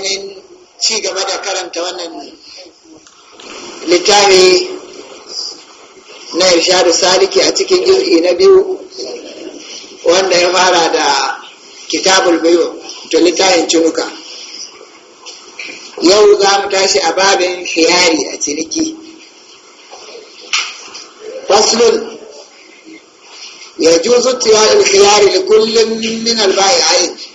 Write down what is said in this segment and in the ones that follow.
ainihin ci gaba da karanta wannan littafi na irshadu saliki a cikin juz'i na biyu wanda ya fara da kitabul biyu to littafin cinuka yau za mu tashi a babin hiyari a ciniki faslun ya juzu tiya hiyari da kullum min albayi yi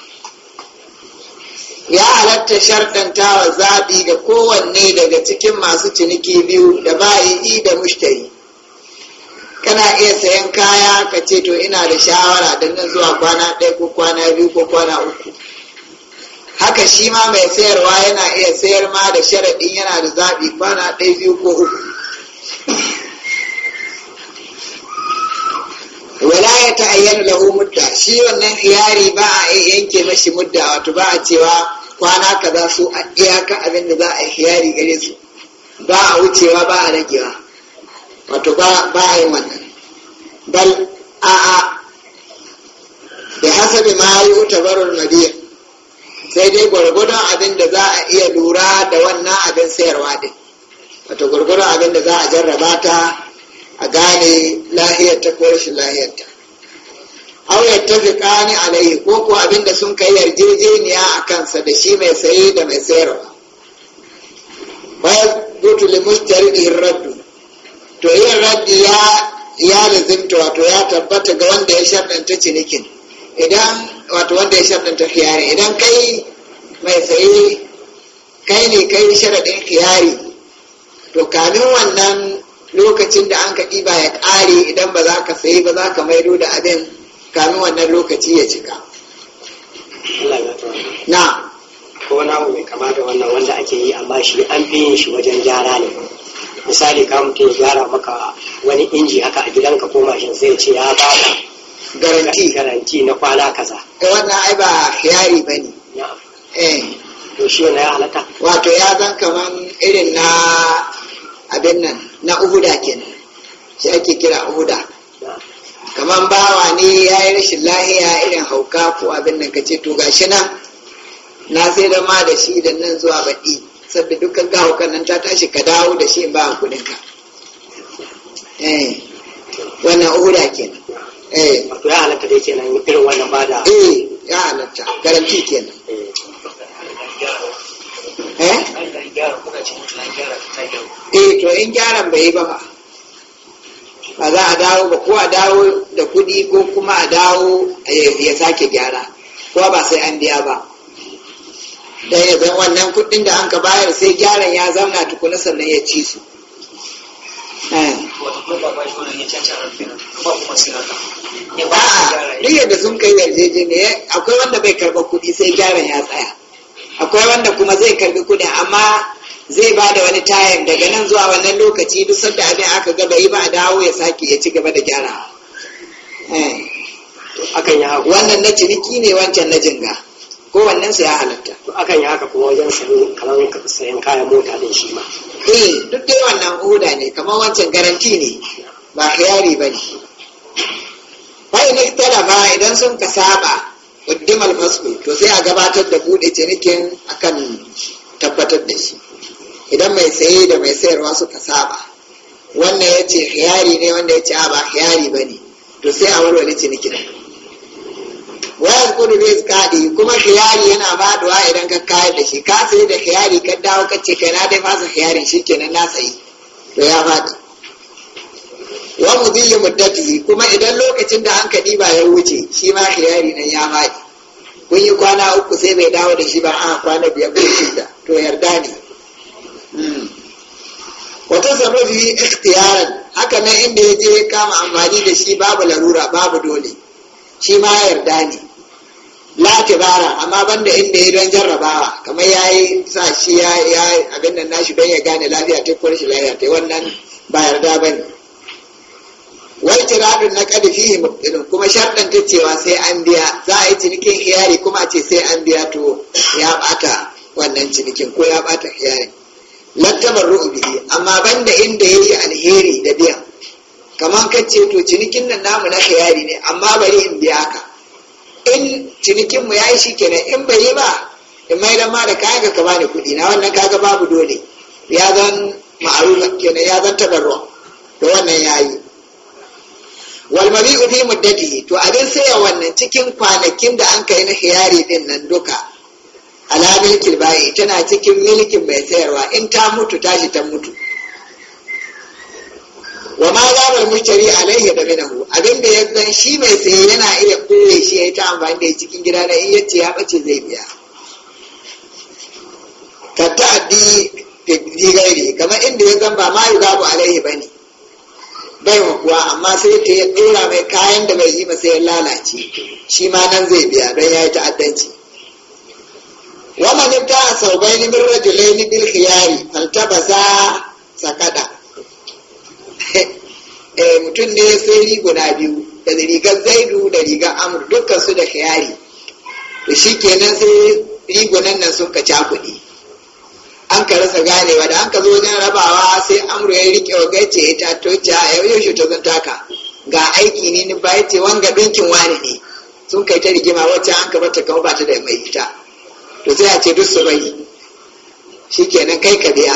ya halatta sharɗanta wa zaɓi ga kowanne daga cikin masu ciniki biyu da bayi da mushtari kana iya sayan kaya ka ce to ina da shawara don nan zuwa kwana ɗaya ko kwana biyu ko kwana uku haka shi ma mai sayarwa yana iya sayar ma da sharaɗin yana da zaɓi kwana ɗaya biyu ko uku wala ya ta'ayyana lahu mudda shi wannan iyari ba a yanke mashi mudda wato ba a cewa kwana kaza su a iyaka abin da za a iyari gare su ba a wucewa ba a ragewa wato ba a yi wannan bal a a da hasabi ma yi wuta barar nadiya sai dai gwargwadon abin da za a iya lura da wannan abin sayarwa din wato gwargwadon abin da za a jarraba ta a gane lahiyarta ko rashin ta. auyar ta zikani alaihi ko ko abinda sun kai yarjejeniya a kansa da shi mai saye da mai sayarwa bayan gutu limustari da raddu to yin raddu ya ya lizinta wato ya tabbata ga wanda ya sharɗanta cinikin idan wato wanda ya sharɗanta idan kai mai saye kai ne kai sharaɗin khiyari to kamin wannan lokacin da an ka ɗiba ya ƙare idan ba za ka sayi ba za ka maido da abin kamin wannan lokaci ya cika na ko na mai kama da wannan wanda ake yi amma shi an fi yin shi wajen gyara ne misali ka ya gyara maka wani inji haka a gidanka ko mashin sai ce ya ba garanti garanti na kwana kaza eh wannan ai ba yari bane eh to shi wani ya halatta wato ya zan kaman irin na abin nan na uhuda kenan shi ake kira uhuda kamar bawa ne ya yi rashin lahiya irin hauka ko abin nan ce to gashi nan na sai da ma da shi da nan zuwa baɗi saboda dukkan ga haukan nan ta tashi ka dawo da shi ba kuɗin ka eh wannan uhuda kenan eh to ya halatta dai kenan irin wannan bada eh ya halatta garanti kenan eh Eh? eh to in gyaran bai yi ba ba ba za a dawo ba ko a dawo da kuɗi ko kuma a dawo eh, ya sake gyara ko ba sai an biya ba da ya zan wannan kuɗin da an ka bayar sai gyaran ya zauna tukuna sannan ya ci su eh. duk yadda sun kai yarjejeniya akwai wanda bai karɓar kuɗi sai gyaran ya tsaya akwai wanda kuma zai karbi kudin amma zai ba da wani tayin daga nan zuwa wannan lokaci duk sanda abin aka gaba yi ba a dawo ya sake ya ci gaba da gyara eh. wannan na ciniki ne wancan na jinga ko wannan su ya halatta akan yi haka kuma wajen sayan kamar sayan kayan mota din shi ma eh duk dai wannan huda ne kamar wancan garanti ne ba khiyari bane ne. tara ba idan sun ka saba. qaddimal fasl to sai a gabatar da bude cinikin akan tabbatar da shi idan mai saye da mai sayarwa suka saba wannan ya ce hiyari ne wanda ya ce a ba hiyari ba ne to sai a warware cinikin wayar kudu ne kaɗi kuma hiyari yana da idan ka kayar da shi ka sayi da hiyari ka dawo ka ce kai na dai fasa hiyarin shi kenan na sayi to ya faɗi wa mudillu muddatihi kuma idan lokacin da an kadi ba ya wuce shi ma khiyari nan ya maɗi. kun yi kwana uku sai bai dawo da shi ba a kwana biyar ko shida to yarda ne hmm. wata sababi ikhtiyaran haka nan inda ya je kama amfani da shi babu larura babu dole shi ma yarda ne la tibara amma banda inda ya don jarrabawa kamar ya yi sa shi ya abin nan nashi don ya gane lafiya ta kwarshi lafiya ta wannan ba yarda ba ne wai tiradun na ƙarfi mutum kuma sharɗan ta cewa sai an biya za a yi cinikin iyari kuma ce sai an biya to ya ɓata wannan cinikin ko ya ɓata iyari lantabar ru'ubi amma banda inda ya yi alheri da biyan kamar ka ce to cinikin nan namu na iyari ne amma bari in biya ka in cinikin ya yi shi kenan in bai yi ba in mai da ma da kayan ka kama da kuɗi na wannan kaga babu dole ya zan ma'aruf kenan ya zan tabarwa da wannan ya yi walbari ufi dade to abin saya wannan cikin kwanakin da an kai na hiyari din nan duka ala milkin tana cikin milkin mai sayarwa in ta mutu tashi ta mutu wa ma zabar mushtari alaihi da minahu abin da ya zan shi mai saye yana iya kulle shi ya ta amfani da cikin gida na in yace ya bace zai biya ka ta'addi da gairi kamar inda ya zan ba ma yugabu alaihi bane baiwa kuwa amma sai ta ya ɗora mai kayan da bai yi masa ya lalace shi ma nan zai biya don ya yi ta'addanci wannan ta saubai ni min rajulaini bil khiyari faltabasa sakada eh mutum ne sai riguna biyu da rigar zaidu da rigar amur dukkan su da khiyari to kenan sai rigunan nan sun ka kuɗi. an ka rasa ganewa da an ka zo wajen rabawa sai amru ya rike wa gaice ta to ta yau shi ta zantaka. taka ga aiki ne ni bai ce wanga binkin wani ne sun kai ta rigima wacce an ka bata kawo bata da mai ita to sai a ce duk su shi kenan kai ka biya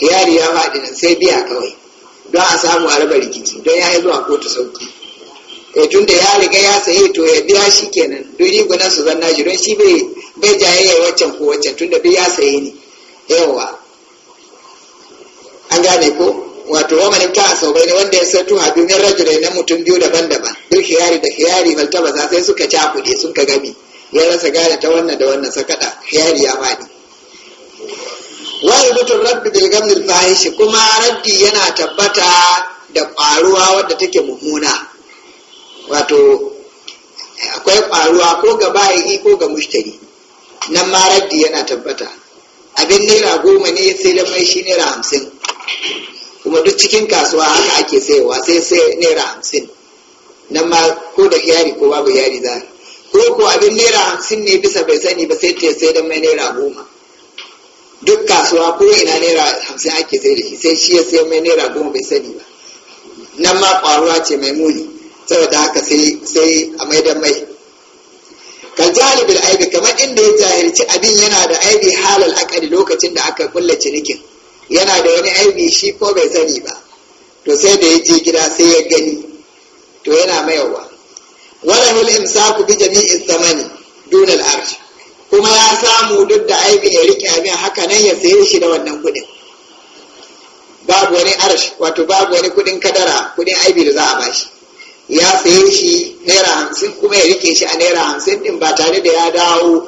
yari ya faɗi nan sai biya kawai don a samu a raba rikici don ya yi zuwa kotu sauki e tun da ya riga ya saye to ya biya shi kenan duk rigunan su zanna shi don shi bai bai jayayya waccan ko waccan tun da duk ya saye ne yawa an gane ko wato wa man ta asabai ne wanda ya sato ha duniyar rajulai na mutum biyu daban-daban duk hiyari da hiyari maltaba za sai suka ci kuɗi sun ka gami ya rasa gane ta wannan da wannan sakada hiyari ya faɗi wa mutum rabbi bil gamnil fahishi kuma raddi yana tabbata da ƙwaruwa wadda take mummuna wato akwai ƙwaruwa ko ga bayi ko ga mushtari nan ma raddi yana tabbata abin naira goma ne sai da mai shi naira hamsin kuma duk cikin kasuwa haka ake sayowa sai sai naira hamsin nan ma ko da yari ko babu yari za ko ko abin naira hamsin ne bisa bai sani ba sai ta sai da mai naira goma duk kasuwa ko ina naira hamsin ake sai da shi sai shi ya sai mai naira goma bai sani ba nan ma ƙwaruwa ce mai muni saboda haka sai a mai kan jalibin aibi kamar inda ya jahilci abin yana da aibi halal akali lokacin da aka kulla cinikin yana da wani aibi shi ko bai sani ba to sai da ya je gida sai ya gani to yana mayarwa walahul imsaku bi jami'in zamani dunal arsh kuma ya samu duk da aibi ya rike abin haka nan ya saye shi da wannan kuɗin babu wani arsh wato babu wani kuɗin kadara kuɗin aibi da za a bashi ya saye shi naira hamsin kuma ya rike shi a naira hamsin din ba tare da ya dawo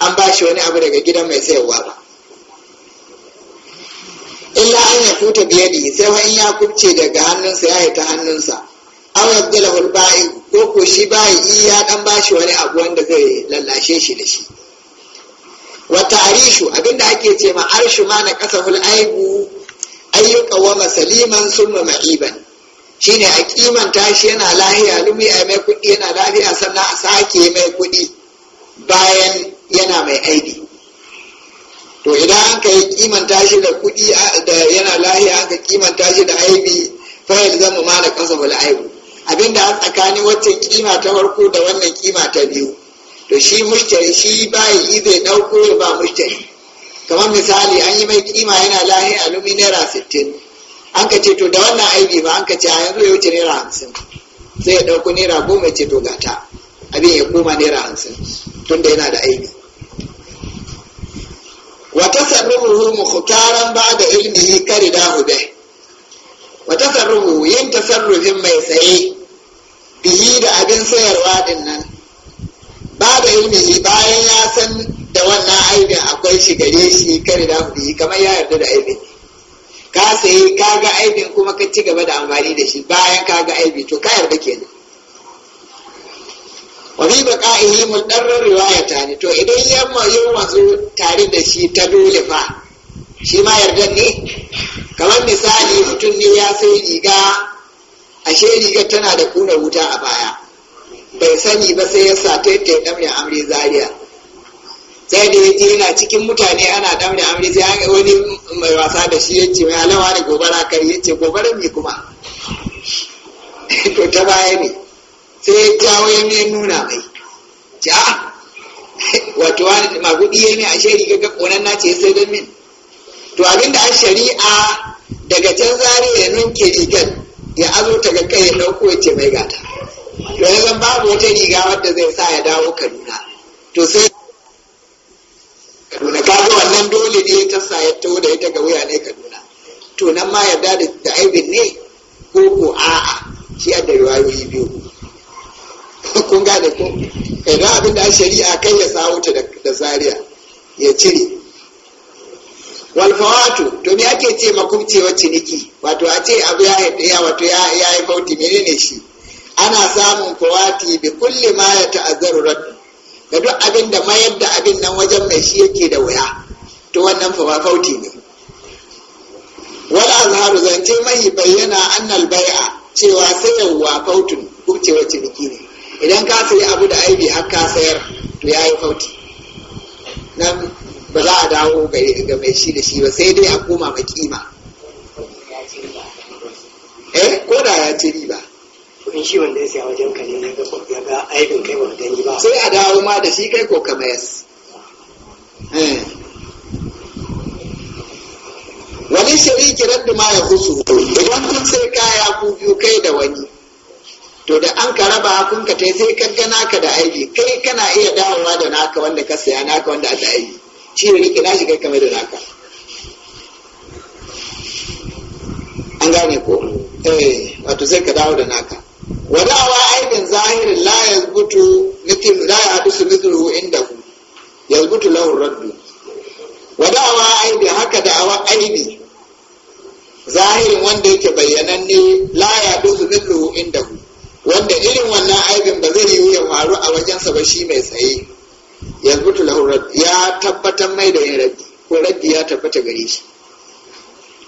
an ba shi wani abu daga gidan mai sayarwa ba illa an ya kuta biyadi sai wani ya kubce daga hannunsa ya ta hannunsa an yabdala hul ba'i ko ko shi ba'i ya dan ba shi wani abu wanda zai lallashe shi da shi wa ta'rishu abinda ake ce ma arshu ma na kasahul aibu ayyuka wa masaliman summa ma'iban shine a kimanta shi yana lahiya lumi a mai kuɗi yana lahiya, sannan a sake mai kuɗi bayan yana mai aibi to idan an ka yi kimanta shi da kuɗi da yana lahiya an ka kimanta shi da aibi fayil zama ma da kasa bala aibu abinda a tsakanin waccan kima ta farko da wannan kima ta biyu to shi mushtari shi bayi zai ɗauko ba mushtari kamar misali an yi mai kima yana lahiya lumi naira sittin an ka ce to da wannan aibi ba an ka ce a yanzu ya wuce naira hamsin sai ya ɗauko naira goma ce to gata abin ya koma naira hamsin tun da yana da aibi wa tasarruhu mukhtaran ba'da ilmihi da hube wata tasarruhu yin tasarrufin mai saye bihi da abin sayarwa din nan da ilmihi bayan ya san da wannan aibin akwai shi gare shi karidahu bihi kamar ya yarda da aibin ka sayi ka ga aibin kuma ka ci gaba da amfani da shi bayan ka ga aibi to ka yarda kenan wa bi baqa'ihi mudarrar riwayata ne to idan yamma yau masu tare da shi ta dole fa shi ma yarda ne kamar misali mutum ne ya sai riga ashe rigar tana da kuna wuta a baya bai sani ba sai ya sa ta yi amri zariya sai da yake yana cikin mutane ana damre amri sai an wani mai wasa da shi ya ce mai alawa da gobara kare ya ce gobara me kuma to ta baya ne sai ya jawo ya nuna mai ja ah, wato wani magudi ya ne a shari ga konan na ce sai don min to abinda a shari'a daga can zari ya nunke rigar ya azo ta ga kai ya dauko ya ce mai gata to ya zan babu wata riga wadda zai sa ya dawo kaduna to sai wannan dole ne ta sa ya taho da ita ga wuya ne kaduna to nan ma yarda da aibin ne ko ko a'a shi a da riwayoyi biyu kun gane ko idan abin da shari'a kai ya sa ta da zaria ya cire walfawatu to me ake ce makumcewa ciniki wato a ce abu ya ya wato ya yi bauti menene shi ana samun fawati bi kulli ma ya ta'azzaru da duk abin da mayar da abin nan wajen mai shi yake da wuya to wannan fa ba fauti ne wal azharu zance mai bayyana annal bai'a cewa sayarwa fautun kubcewa ciniki ne idan ka sayi abu da aibi har ka sayar to ya yi fauti nan ba za a dawo ga mai shi da shi ba sai dai a koma ma kima eh ko da ya ci riba in shi wanda ya siya wajen ka ne ya ga aibin kai ba yi ba sai a dawo ma da shi kai ko ka mayas eh. Wani ni shariki raddu ma ya kusu idan kun sai kaya ku biyu kai da wani to da an ka raba hakunka ka sai ka ga naka da aiki. kai kana iya dawowa da naka wanda ka saya naka wanda aka aibi shi ne rike nashi kai kamar da naka an gane ko eh wato sai ka dawo da naka wadawa aibin zahirin la yazbutu mithl la yahdusu mithluhu indahu yazbutu lahu raddu wadawa aibin haka da awa aibi zahirin wanda yake bayyananne la ya duzu mithluhu indahu wanda irin wannan aibin ba zai yiwu ya faru a wajensa ba shi mai tsaye ya zubutu lahu ya tabbatar mai da yin ko raddi ya tabbata gare shi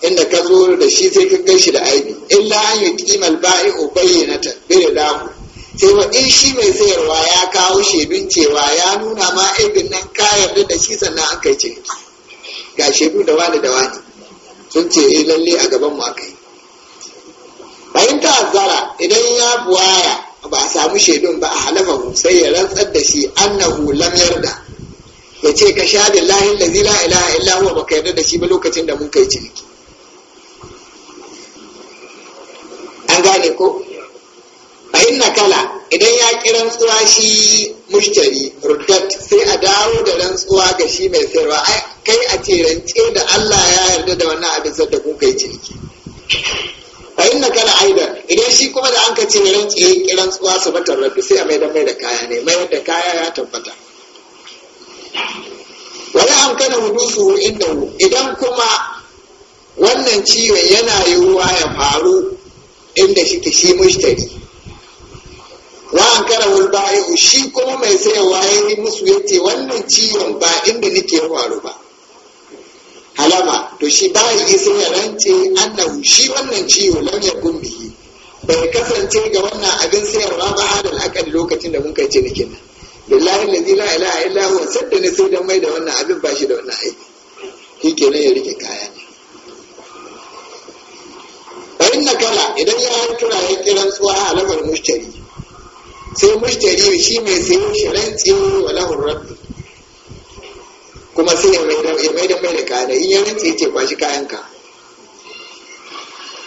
inda ka zo da shi sai ka shi da aibi illa an yi kimal ba'i'u bayyanata bi dahu sai wa in shi mai sayarwa ya kawo shaidun cewa ya nuna ma aibin nan ka yarda da shi sannan an kai ce ga shaidu da wani da wani sun ce eh lalle a gaban mu aka yi bayan ta azara idan ya buwaya ba a samu shaidun ba a halafa sai ya rantsar da shi annahu lam yarda ya ce ka sha billahi allazi la ilaha illa huwa baka yarda da shi ba lokacin da mun kai ciniki an gane ko fahim kala idan ya ki rantsuwa shi mushtari rudat sai a dawo da rantsuwa ga shi mai sayarwa kai a ce rance da Allah ya yarda da wannan abin kuka kun kai ciniki fahim kala aidan idan shi kuma da an ka ce rance ya ki rantsuwa su bata rabbi sai a mai da mai da kaya ne mai da kaya ya tabbata wani an kana hudusu inda idan kuma wannan ciwon yana yiwuwa ya faru inda shi shi mushtari wa an kara wulba'ihu shi kuma mai sayarwa ya yi musu ya ce wannan ciwon ba inda nake faru ba halama to shi bayi isa ya rance annahu shi wannan ciwo lam yakun bihi bai kasance ga wannan abin sayarwa ba halin akan lokacin da muka ce nake nan billahi allazi la ilaha illa huwa sadda ne sai dan mai da wannan abin ba shi da wannan aiki shi kenan ya rike kaya ne bayin nakala idan ya yi kira ya kiran tsuwa halamar mushtari sai mushtari shi mai sayo shi rantse wa lahun rabbi kuma sai ya mai da mai da kada in ya rantse ya ce kwashi kayanka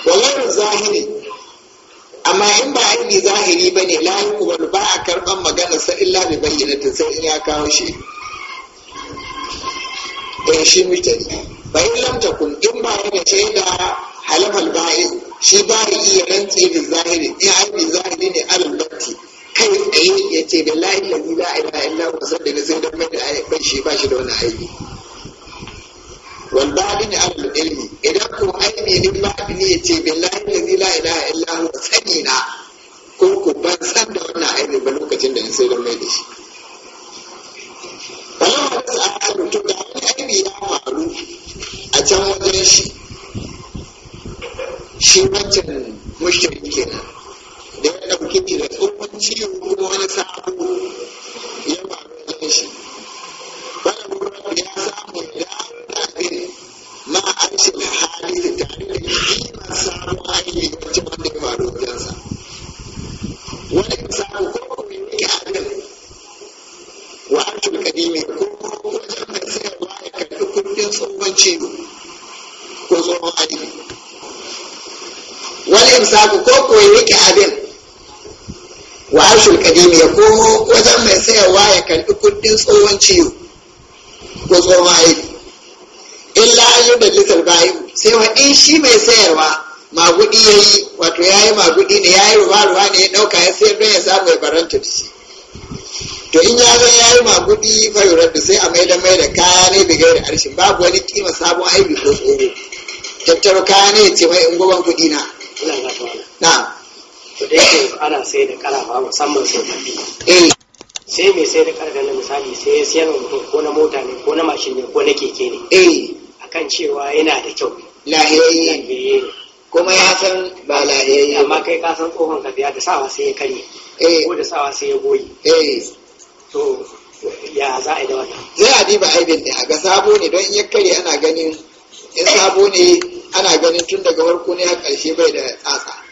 wallahi zahiri amma in ba aini zahiri ba ne layin kuma ba a karɓar magana sa illa bi ta sai in ya kawo shi Ɗan eh, shi mushtari yi lamta kun in ba ya da shaida halafal ba'i shi ba iya rantse da zahiri in aini zahiri ne alal batti kai tsaye ya ce da lalli la ila illa wa sabbi da zai dama da ayyukan shi ba shi da wani aiki wal babin al ilmi idan ko aini din babin ya ce da lalli la ila illa wa sani na ko ko ban san da wani aiki ba lokacin da sai dama da shi wannan wani sa'adu to da wani aiki ya faru a can wajen shi shi wancan mushkil kenan da ya ɗauki ne da tsohon ciwo ko wani sabo ya faru wajen shi wani ya samu ya dawo da abin ma arshin hali da tare da samu sabon aiki wacce wanda ya faru wajensa wani ya samu ko wani ya abin wa arshin kadimi ko wajen mai sayarwa ya karɓi kundin tsohon ciwo ko tsohon aiki wani ya samu ko ko ya rike abin wa arshul kadim ya komo wajen mai sayarwa ya karɓi kuɗin tsohon ciwo ko tsohon haihu illa an yi da jisar bayu sai wa in shi mai sayarwa magudi ya yi wato ya yi magudi ne ya yi ruwa ruwa ne ya ɗauka ya sayar don ya samu ya baranta da shi to in ya zai ya yi magudi fayurar da sai a mai da mai da kaya ne bigai da arshin babu wani kima sabon haihu ko tsoro tattaro kaya ne ya ce mai in kuɗi na na to da yake ana sai da karafa musamman tafi. Eh. sai mai sai da karga na misali sai ya siyar mutum ko na mota ne ko na mashin ne ko na keke ne eh. A kan cewa yana da kyau lahiyayye kuma ya san ba lahiyayye amma kai ka san kofan ka biya da sawa sai ya karye eh. ko da sawa sai ya goyi to ya za a yi da wannan sai a diba aibin ne a ga sabo ne don in ya karye ana ganin in sabo ne ana ganin tun daga farko ne har karshe bai da tsatsa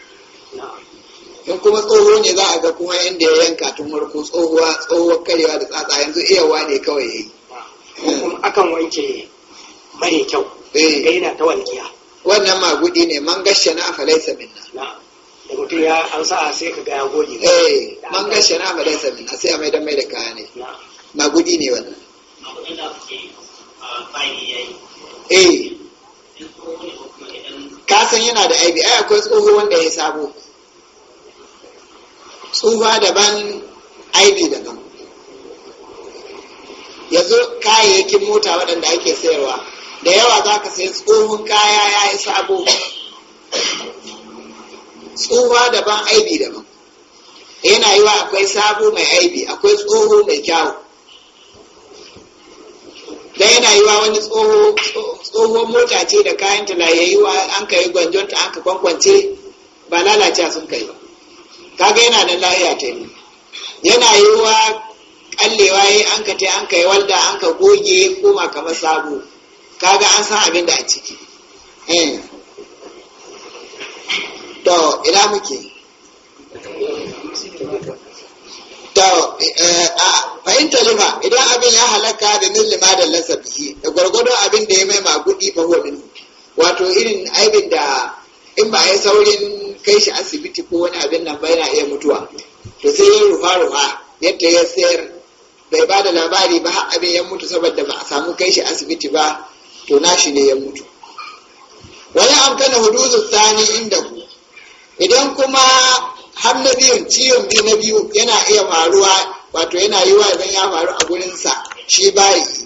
in kuma tsoho ne za a ga kuma inda ya yanka tun marko tsohuwa tsohuwar karewa da tsatsa yanzu iya wane kawai ya yi akan wanke mare kyau ga eh. yana ta walƙiya wannan magudi ne man gashe na falaisa minna da mutum ya an sa'a sai ka ga ya man gashe eh, na falaisa minna sai a maida mai da kaya ne magudi ne wannan eh ka san yana da aibi ai akwai tsoho wanda ya sabo tsufa daban aibi daban yanzu kayayyakin mota waɗanda ake sayarwa da yawa za ka sayi tsohon kaya ya yi sabo tsufa daban aibi daban yana yi wa akwai sabo mai aibi akwai tsoho mai kyawu dan yana yi wa wani tsoho mota ce da kayan tala ya wa an ka yi gwanjonta an ka kwankwance ba lalace sun kai ba kaga yana da lahiya ta yi yana yiwuwa kallewa yi an ka ta an ka yi walda an ka goge koma kamar sabo kaga an san abin da a ciki eh. to ina muke to eh, fahimta lima idan abin ya halaka da min lima da lasabihi da gwargwado abin da ya mai magudi fa wato irin aibin da in ba ya saurin kai shi asibiti ko wani abin nan ba yana iya mutuwa to sai ya rufa rufa yadda ya sayar bai ba da labari ba har abin ya mutu saboda ba a samu kai shi asibiti ba to nashi ne ya mutu wani amkana hududu sani inda ku idan kuma har na biyun ciwon biyu na biyu yana iya faruwa wato yana yi wa idan ya faru a gurinsa shi bayi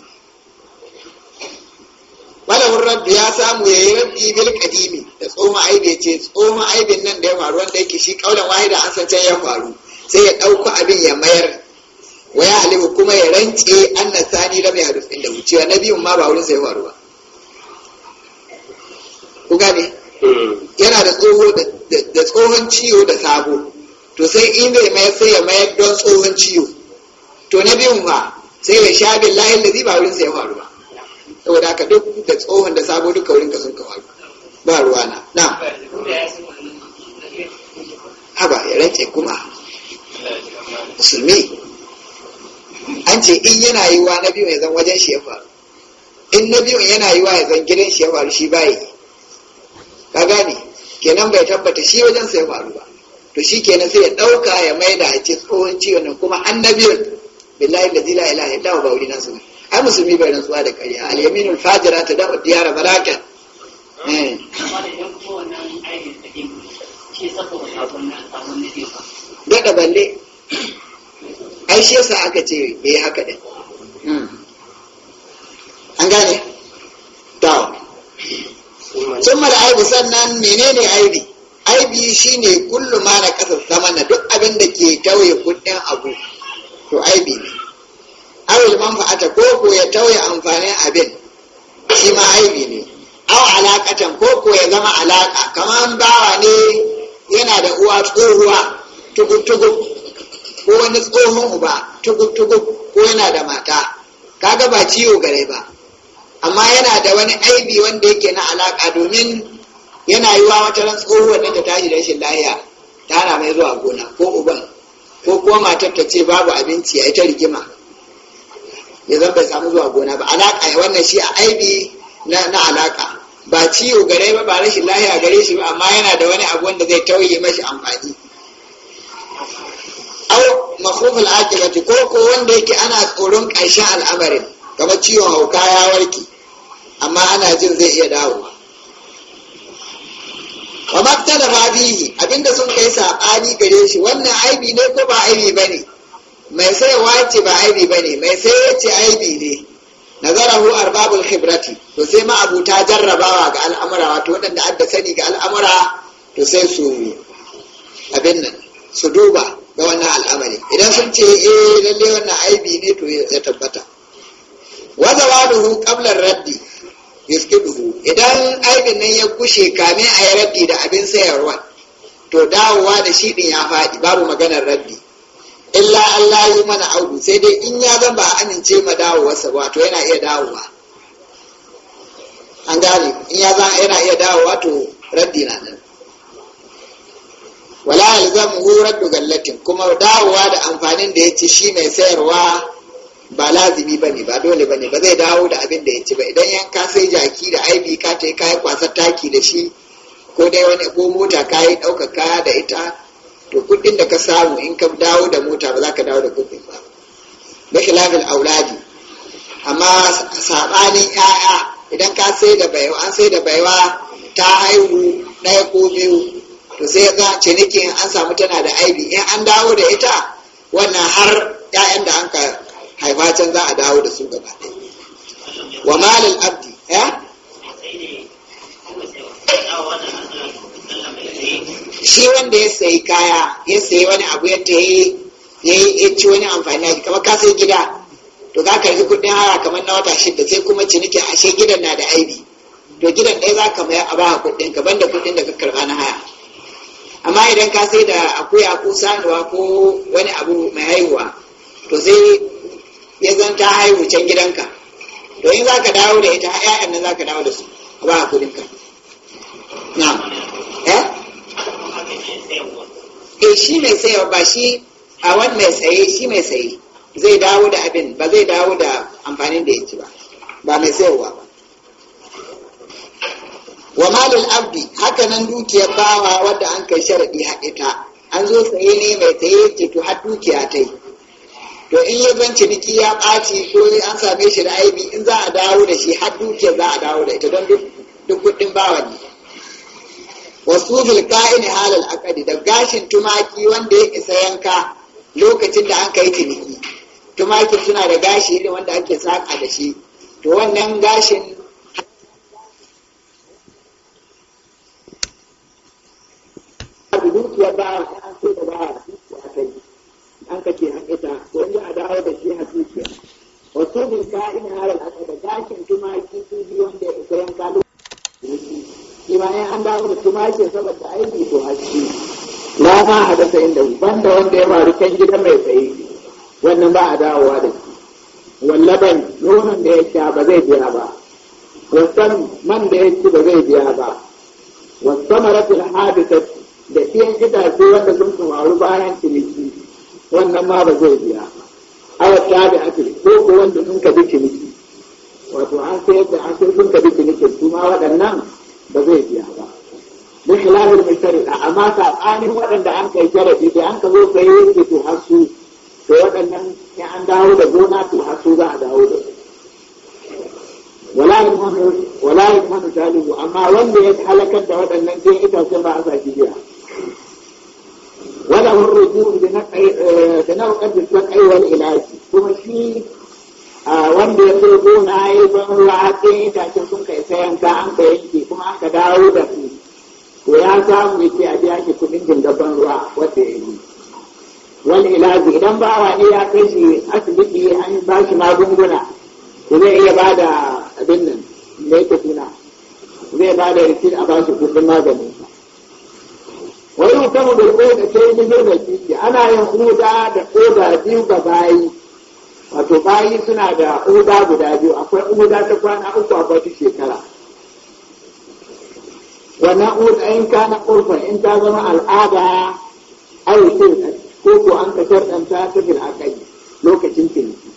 malamin rabbi ya samu ya yi rabbi bil kadimi da tsoma aibe ce tsoma aibin nan da ya faru wanda yake shi kaulan wahida an san can ya faru sai ya ɗauko abin ya mayar wa ya halibu kuma ya rantse, an na sani da mai inda wuce na biyun ma ba wurin sai ya faru ba ku gane yana da tsoho da tsohon ciwo da sabo to sai in bai mayar sai ya mayar don tsohon ciwo to na biyun ma sai ya sha billahi lazi ba wurin sai ya faru ba saboda haka duk da tsohon da sabo duka wurin ka sun ka faru ba ruwa na na. haba ya rance kuma musulmi an ce in yana wa na biyu ya zan wajen shi ya faru in na biyu yana yiwa ya zan gidan shi ya faru shi bayi ka gane kenan bai tabbata shi wajen sai ya faru ba to shi kenan sai ya ɗauka ya maida a ce tsohon ciwon nan kuma annabiyun billahi da zila ya dawo ba wuri nasu ne ai musulmi bai rantsuwa da ƙarya al-yaminul fajira ta da'u diyara malaka eh daɗa balle ai shi yasa aka ce ya yi haka ɗin hmm. an gane dawo sun mara aibu sannan menene aibi aibi shine ne kullum mara ƙasar sama na duk abin da ke kawai kudin abu to aibi ne awil manfa'ata ko ko ya tauye amfanin abin shi ma aibi ne aw alaƙatan ko ko ya zama alaƙa kamar bawa ne yana da uwa tsohuwa ko wani tsohon uba tugub ko yana da mata kaga ba ciwo gare ba amma yana da wani aibi wanda yake na alaka domin yana yi wa wata ran tsohuwar ta tashi rashin lahiya ta hana mai zuwa gona ko uban ko kuma matar ta ce babu abinci a ita rigima ya zan samu zuwa gona ba alaƙa wannan shi a aibi na alaka ba ciwo gare ba ba rashin lahiya gare shi ba amma yana da wani abu wanda zai tauye mashi amfani au makhufal akibati ko ko wanda yake ana tsoron ƙarshen al'amarin kamar ciwon hauka ya warke amma ana jin zai iya dawo wa maktala fabihi abinda sun kai saɓani gare shi wannan aibi ne ko ba aibi bane mai sai wace ba aibi ba ne mai sai ce aibi ne nazarahu arbabul khibrati to sai ma abuta jarrabawa ga al'amura wato waɗanda adda sani ga al'amura to sai su abin nan su duba ga wannan al'amari idan sun ce eh lalle wannan aibi ne to ya tabbata wa zawaluhu qabla raddi yaskuduhu idan aibin nan ya gushe kame a yi raddi da abin sayarwa to dawowa da shi din ya faɗi babu maganar raddi illa Allah yi mana audu sai dai in ya zan ba amince ma dawowarsa wato yana iya dawowa an gane in ya zan yana iya dawowa to raddi na nan wala hu raddu gallatin kuma dawowa da amfanin da ya ci shi mai sayarwa ba lazimi ba ne ba dole ba ne ba zai dawo da abin da ya ci ba idan yanka sai jaki da IB ka ta yi kayan kwasar taki da shi ko dai wani ko mota ka yi ɗaukar kaya da ita to kuɗin da ka samu in ka dawo da mota ba za ka dawo da kuɗin ba da khilafin auladi amma saɓanin 'ya'ya idan ka sai da baiwa an sai da baiwa ta haihu ɗaya ko biyu to sai ga cinikin an samu tana da aibi in an dawo da ita wannan har 'ya'yan da an ka haifa can za a dawo da su gaba wa malal abdi ya eh? shi wanda ya sayi kaya ya sayi wani abu ya ta yi ya ci wani amfani na kamar ka sai gida to za ka yi kudin haya kamar na wata da sai kuma ciniki ashe gidan na da aibi to gidan ɗaya za ka mayar a ba kudin ka banda kudin da ka karba na haya amma idan ka sai da akuya ko sanuwa ko wani abu mai haihuwa to sai ya zan ta haihu can gidanka to in za ka dawo da ita 'ya'yan nan za ka dawo da su a ba kudin ka na'am eh shi mai sayarwa ba shi a wani mai saye shi mai saye zai dawo da abin ba zai dawo da amfanin da yake ba ba mai sayarwa ba wa malul abdi haka nan dukiyar bawa wadda an kai sharadi haƙita an zo saye ne mai saye ce to har dukiya ta yi to in ya zan ciniki ya ɓaci ko an same shi da aibi in za a dawo da shi har dukiyar za a dawo da ita don duk kuɗin bawa ne wasu bilka'ini halal akadi da gashin tumaki wanda ya isa yanka lokacin da an kai ciniki tumaki suna da gashi irin wanda ake saƙa da shi to wannan gashin dukiyar ba an ce da ba dukiya ta yi an ka ce haƙita ko in a dawo da shi a dukiya wasu bilka'ini halal akadi da gashin tumaki su biyu wanda ya isa yanka lokacin shi ma an dawo da kuma tumaki saboda aiki to haske la ma da inda da wanda ya faru kan gida mai tsaye wannan ba a dawowa da shi wallaban nonon da ya sha ba zai biya ba wasan man da ya ci ba zai biya ba wasamaratul hadisat da gida su wanda sun faru bayan ciniki wannan ma ba zai biya awa tabi akil ko ko wanda sun ka bi ciniki wato an sayar da an sun ka bi ciniki su ma waɗannan ba zai biya ba da khilafin mai shari'a amma saɓanin waɗanda an kai sharaɗi da an ka zo sai yake to har su to waɗannan in an dawo da gona to har su za a dawo da su wala ya kuma talibu amma wanda ya halakar da waɗannan sai itacen ba a sa shi biya wala hurruju da na eh, da na wakatar sai aiwal ilaji kuma shi wanda ya so na yi ban ruwa a cikin itacen sun kai sayan ka an ka yanke kuma aka dawo da su to ya samu ya ce a biya shi kuɗin ban ruwa wanda ya yi wani ilazi idan ba ne ya kai shi asibiti an ba shi magunguna to zai iya ba da abin nan da tafi na zai ba da rikin a ba shi kudin maganin wani mutum da ko da ke yi da ana yin huda da da biyu ga bayi wato bayi suna da uba guda biyu akwai uda ta kwana uku a kwatu shekara wannan uhuda in na urfan in ta zama al'ada ai sai ko ko an ka sharɗanta ta bil aqai lokacin kinki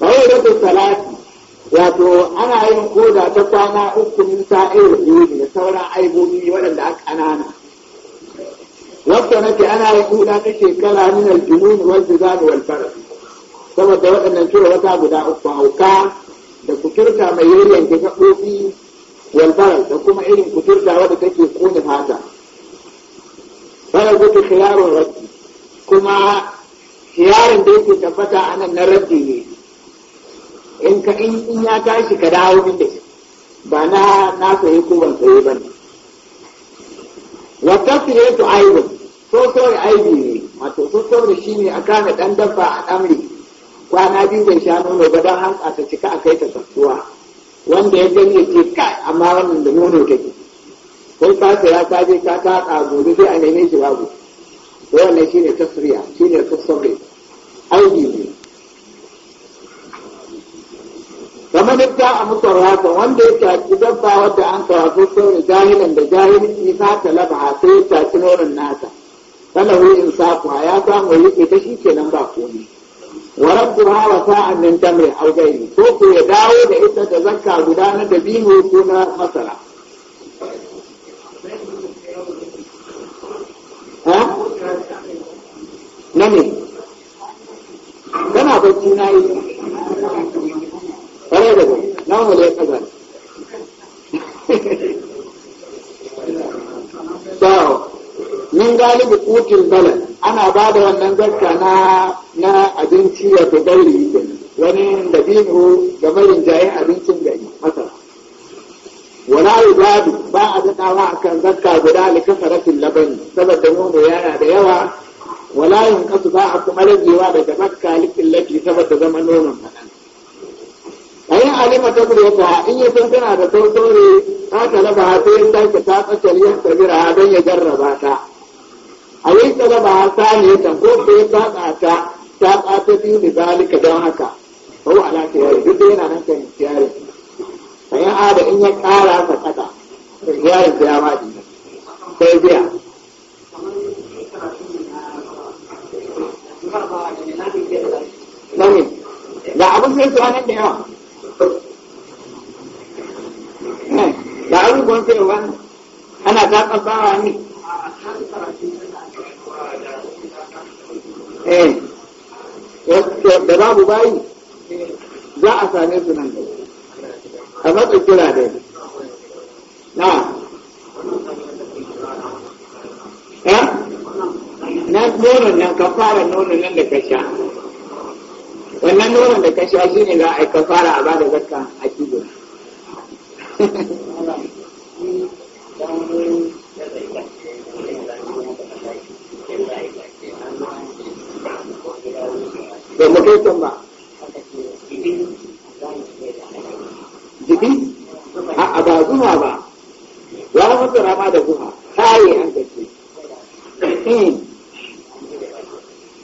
bayan da salati wato ana yin koda ta kwana uku min sa'ir yuri da sauran aibobi waɗanda aka ƙanana na nake ana yin koda ta shekara min al-junun wal jizan wal faras saboda waɗannan tura wata guda uku hauka da kuturta mai yayyanke gaɓoɓi walbarar da kuma irin kuturta wadda take kone fata fara gudu khiyarun rabbi kuma khiyarin da yake tabbata a nan na rabbi ne in ka in ya tashi ka dawo min da shi ba na na sayi ko ban sayi ba ne Wata tafsiratu to so sosai aibi ne wato sosai shi ne a kana ɗan dabba a amri kwana biyu bai sha nono ba don hanka ta cika a kai ta kasuwa wanda ya gani ya ce kai amma wannan da nono take ko ka saya ka je ka ka gobe sai a neme shi babu wannan shine tasriya shine tasawwur aiki ne kamar yadda a mutuwar haka wanda ya tafi dabba wadda an karatu sun jahilan da jahilci ta talaba sai ya tafi nonon nasa talahu kwa ya samu yake ta shi kenan ba komai وربها وساعا من تمر او جيد سوق يداو لئتا تزكى بدانا دبيه يكون مثلا ها؟ نمي كما بجينا ايسا فلا يدفع نوم ليسا ذلك ساو من ذلك قوت البلد ana ba da wannan zakka na na abinci ya fi gairi wani dabino ga marin jayin abincin gari haka wala yubadu ba a daɗawa a kan zakka guda likasaratin labani saboda nono yana da yawa wala yunqasu ba a kuma ragewa daga zakka likillaki saboda zama nonon A yin alima ta buriyata in yi san tana da sautore ta talaba sai ya sake ta tsakiyar tabira don ya jarraba ta a yi ba a ta ne ta ko bai saƙa ta saƙa ta biyu da zalika don haka ko ala ta yare duk da yana nan ta yi kan tiyari yi ada in ya ƙara sa kata tiyari da ne ta yi biya Nani, ga abin sai su ranar da yawa. Eh, ga abubuwan sai ana ta ƙasa wa ne. Eh, eh da babu bayi za a same su nan a matsa kira da na na nonon nan ka fara nonon nan da ka sha wannan nonon da ka sha shi ne za a yi ka fara a bada zakka a kibo da mutuncin ba jiki a ba zuma ba ya mutu rama da zuma kaye an gaske hmm.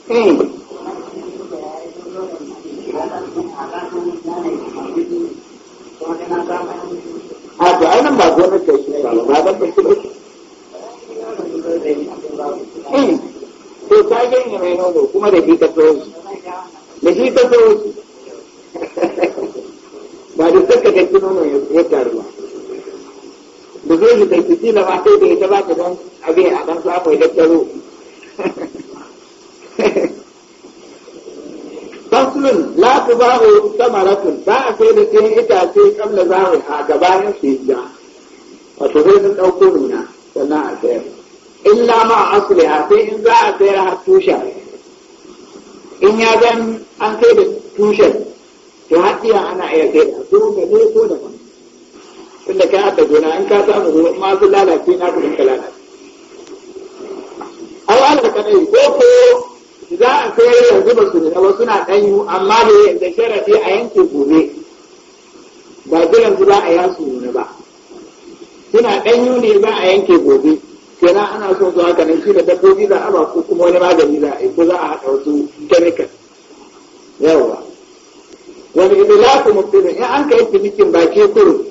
hmm. a to ainihin ba gonar kai shi ba ba ba ba hmm. ba to tagen ne mai nono kuma da shi ka so shi da shi ka so shi ba da saka ka ci nono ya taru ba da zai yi kai fiti na matai da ita ba ka don abin a kan samu ya tattaro faslun la ku ba ku samaratun ba a sai da ita sai kamla za a gabanin shi ya wato zai sun ɗauko nuna sannan a sayar illa ma asliha sai in za a sayar har tushen in ya zan an sai da tushen to haɗiya ana iya sai da su da ne ko da ban tunda kai hada gona in ka samu ruwan masu lalace na kudin ka lalace au ala kanai ko ko za a sayar yanzu ba su ne ba suna ɗanyu amma da da sharafi a yanke gobe ba jiran su ba a yasu ne ba suna ɗanyu ne za a yanke gobe kenan ana so su haka ne shi da dabbobi za a ba ko kuma wani magani za a yi ko za a haɗa wasu chemical yawa wani ku mutum in an kai cinikin baki kurum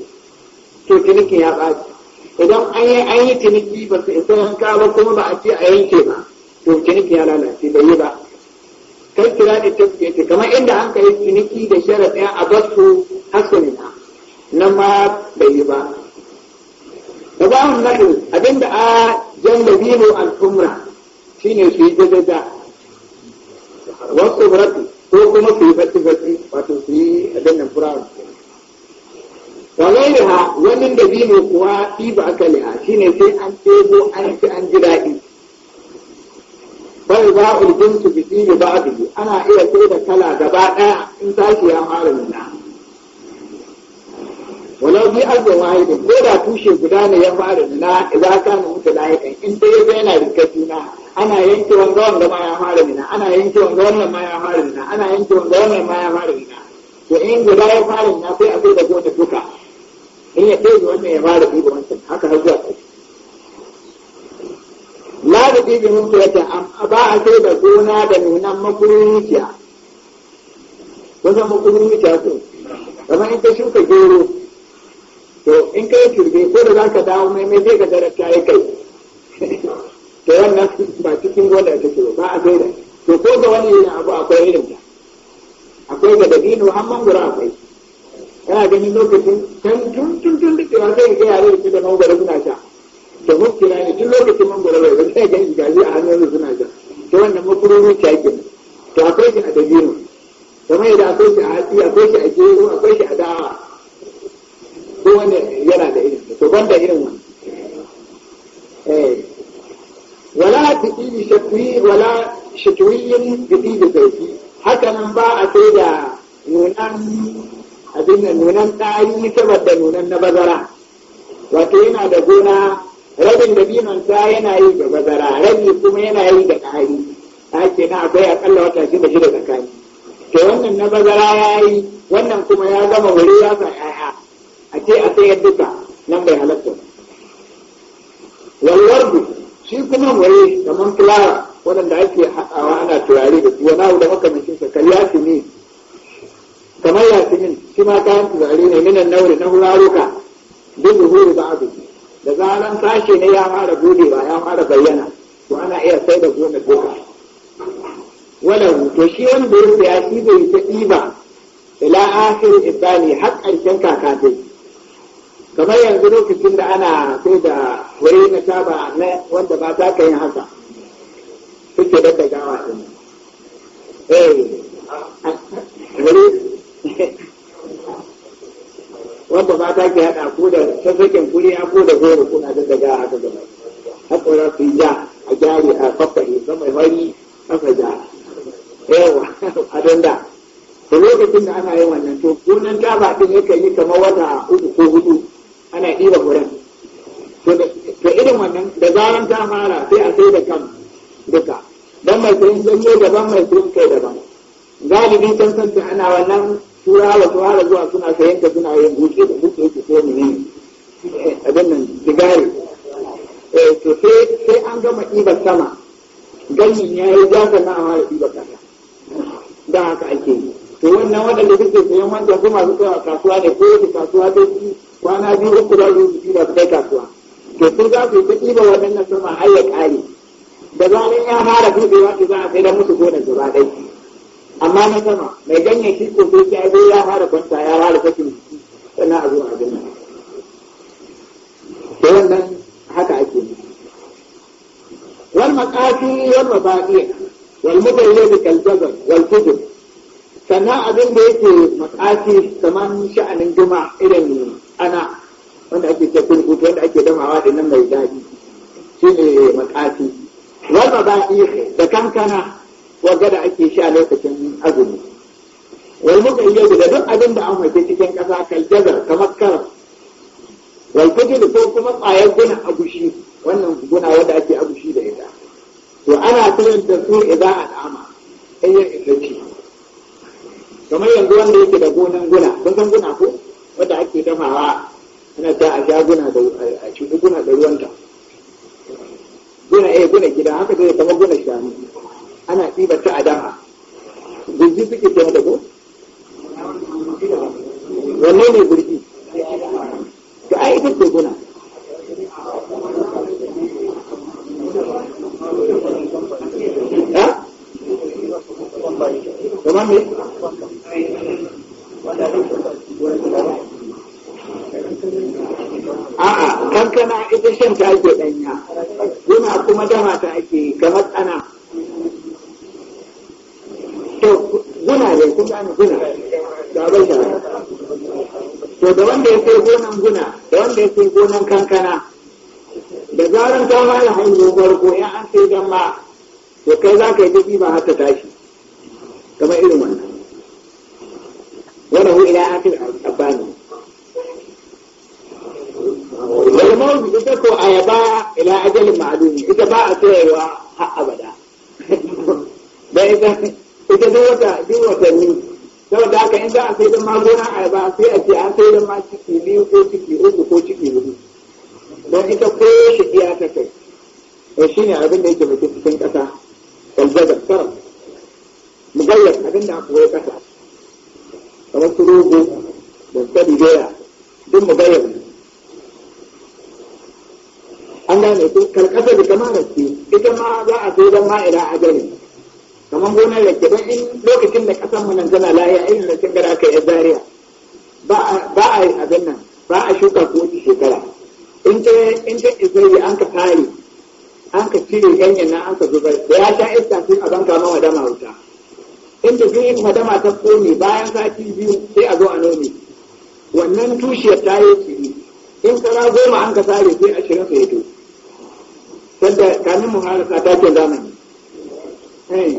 to cinikin ya ɓaci idan an yi an yi ciniki ba su isa wanka ba kuma ba a ce a yanke ba to cinikin ya lalace bai yi ba kai kira da tafiye kamar inda an kai ciniki da sharaɗin a basu hasunina nan ma bai yi ba sabahun nadu abinda a jan dabino al'umra shine su yi jajaja wasu buratu ko kuma su yi fatsi-fatsi wato su yi abin nan furawar walaili ha wani dabino kuwa ɗiba aka liha shine sai an ɗebo an ci an ji daɗi bai ba uljinsu bisi da ba ana iya sai da kala gaba ɗaya in tashi ya fara nuna walau bi arda wahida ko da tushe guda ne ya fara zina za ka na mutu layikan in dai ya yana rikar juna ana yanke wanga wanda ma ya fara zina ana yanke wanga wannan ma ya fara zina ana yanke wanga wannan ma ya fara zina to in guda ya fara zina sai a zo da gode duka in ya ɗaya wannan ya fara da wancan haka har zuwa ƙarshe la da ɗaya mun fiyata amma ba a sai da gona da nunan makurin wajen kun san ko kamar in ta shuka gero to in kai turbe ko da za ka dawo mai mai zai ga zarafta ya kai to wannan ba cikin gwada take ba a gaida to ko da wani yana abu akwai irin ta akwai ga dabino har mangoro akwai yana ganin lokacin can tun tun tun duk da zai ga yare su da mangoro suna sha to mutira ne tun lokacin mangoro bai ba sai ga gaji a hannun suna sha to wannan makururu ta to akwai shi a dabino kamar yadda akwai shi a hatsi akwai shi a gero akwai shi a dawa Ko wanda yana da irin to ban da irin wani eh wala bi'i shakwi wala shakwiyin bi'i da zaifi haka nan ba a sai da nunan abin da nunan tsari saboda nunan na bazara wato yana da gona rabin da binonsa yana yi da bazara rabi kuma yana yi da ƙari ke na akwai akalla wata shida shida tsakani to wannan na bazara ya yi wannan kuma ya gama wuri ya sa 'ya'ya a ce a sayar duka nan bai halatta walwardu shi kuma mai kamar fulawa waɗanda ake haɗawa ana turare da su wani abu da makamancin sa kar kamar yasinin shi ma kayan turare ne minan nauri na huraruka duk zuhuru ba abu da zaran sashe ne ya fara ba ya fara bayyana to ana iya sai da gona duka walahu to shi wanda ya siya shi bai ta ɗiba ila akhir ibani har ƙarshen kakatai kamar yanzu lokacin da ana sai da wuri na taba na wanda ba za ka yi haka suke da gawa din eh wanda ba ta ke haɗa ko da sassaƙin kuri a ko da goro kuna da daga haka gaba haka za su yi ja a jari a faffari sama wari kasa ja yawa a danda da lokacin da ana yin wannan to gurnan taba ɗin yakan yi kamar wata uku ko hudu ana ɗiba gurin to irin wannan da zaran ta fara sai a sai da kan duka dan mai kurin sanye daban mai kurin kai daban galibi can santa ana wannan turawa su hara zuwa suna sayan ka suna yin buke da buke su ko ne eh, abin nan sigari eh, to sai an gama ɗiba sama ganyen ya yi jaka na a mara ɗiba kasa da haka ake yi to wannan waɗanda suke sayan wanda kuma su a kasuwa ne ko wata kasuwa ta kwana biyu uku za su yi da kai kasuwa Ke sun za su yi ta ɗiba waɗannan sama har ya ƙare da zanen ya fara buɗewa to za a sai da musu gonar gaba ɗai amma na sama mai ganyen shi ko sai ya zo ya fara kwanta ya fara sakin jiki sannan a zo a gina to wannan haka ake yi wal maqati wal mabadi wal mudayyib kal jabal wal kutub sannan abin da yake maqati kamar sha'anin juma'a irin ana wanda ake ce kurkutu wanda ake damawa da nan mai daɗi shi ne makati wanda ba da kankana wanda da ake sha lokacin azumi Wai muka iya da duk abin da an haife cikin ƙasa kai jazar kamar Wai kaje da ko kuma ƙwayar guna agushi wannan guna wanda ake agushi da ita to ana da su idan al'ama in ya isa ci kamar yanzu wanda yake da gonan guna gonan guna ko wadda ake dafawa ana da a jaguna da a cikin guna da ruwanta guna eh guna gida haka zai kama guna shanu ana ɗiba ta a dama. gurji suke ce da ko wanne ne gurji ga ai duk da guna ha? Kamar ne? a'a kankana ita shan ta ake danya yana kuma dama ta ake ga tsana to guna ne kun gane guna ga bai da to da wanda ya kai gonan guna da wanda ya kai gonan kankana da zaran ta fara hanyar farko ya an sai gamma to kai za ka yi daɗi ba haka tashi kamar irin wannan وله إلى آخر أبانه والموت تتكو أيباء إلى أجل معلوم إذا باع سيوا حق أبدا إذا إذا دوت دوت منه sau da haka in za a sai don magona a ba sai a ce an sai don ma biyu ko ciki uku ko ciki hudu don ita ko shi kai to shi ne abin da karam abin da ƙasa kamar su rogo da sadi doya duk mu ne an gane su karkasa da da ke ita ma za a zo don ma'ira a gani kamar gonar da don in lokacin da kasan mu nan tana lahiya irin da cin gara kai zariya ba a yi abin nan ba a shuka ko wani shekara in ce in ta israeli an ka kare an ka cire ganyen nan an ka zubar da ya ta iska sun a banka mawa dama wuta inda duk in hadama ta kone bayan sati biyu sai a zo a nome wannan tushe ta yi tsiri in kara goma an ka sare sai a shirin to sadda kamin muhalaka ta ke zamani eh.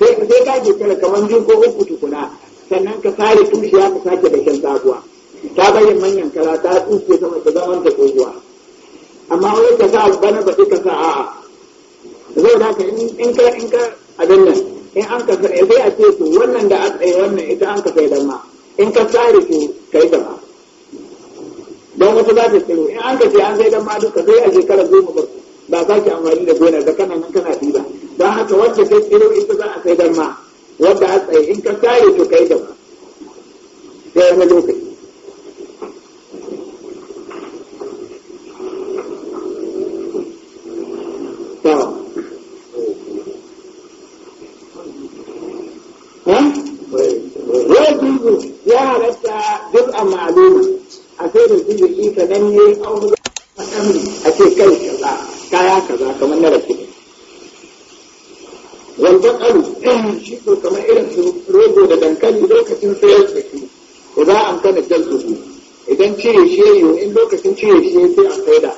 sai ka ke kala kamar biyu ko uku tukuna sannan ka sare tushiya ka sake da shan sabuwa ta bayyana manyan kara ta tsuke sama ta zaman ta tsohuwa amma wani ka sa albana ba sai ka sa a'a zai da ka in ka abin nan in an ka eh, sai a ce to wannan da an tsaye wannan ita an ka sai ma in ka tsare to kai ma don wata za ta tsiro in an ka sai an sai dama duka sai a shekara goma ba ba za ki amfani da gonar da kana nan kana tsira don haka wacce ta tsiro ita za a sai ma wadda a tsaye in ka tsare to kai ma sai wani lokaci nan ya yi auduga a ce kai kaza kaya kaza kamar na rafi wanda ƙaru shi ko kamar irin su rogo da dankali lokacin sayar da shi ko za a kana jalzubu idan cire shi yayi in lokacin cire shi sai a saida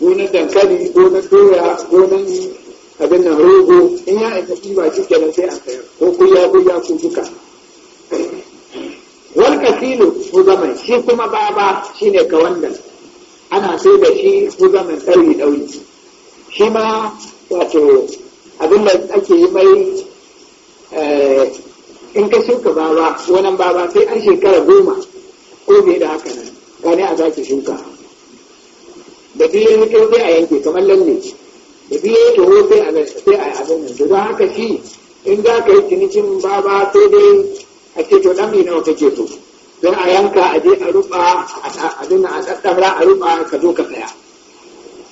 gonar dankali gonar doya gonar abin nan rogo in ya aika ba shi kenan sai a sayar ko kuya kuya ko duka wal kasilu ko zaman shi kuma baba shine ka wannan ana sai da shi huzamin tsari ɗauri shi ma wato abin da ake yi mai eh, in ka shuka baba gonan baba sai an shekara goma ko bai da haka nan gani a zaki shuka da biyu ya fito sai a yanke kamar lalle da biyu ya taho sai a sai a abin nan to don haka shi in za ka yi cinikin baba sai dai a ce to ɗan nawa kake so don a yanka a je a rufa a duna a tsattara a rufa ka zo ka saya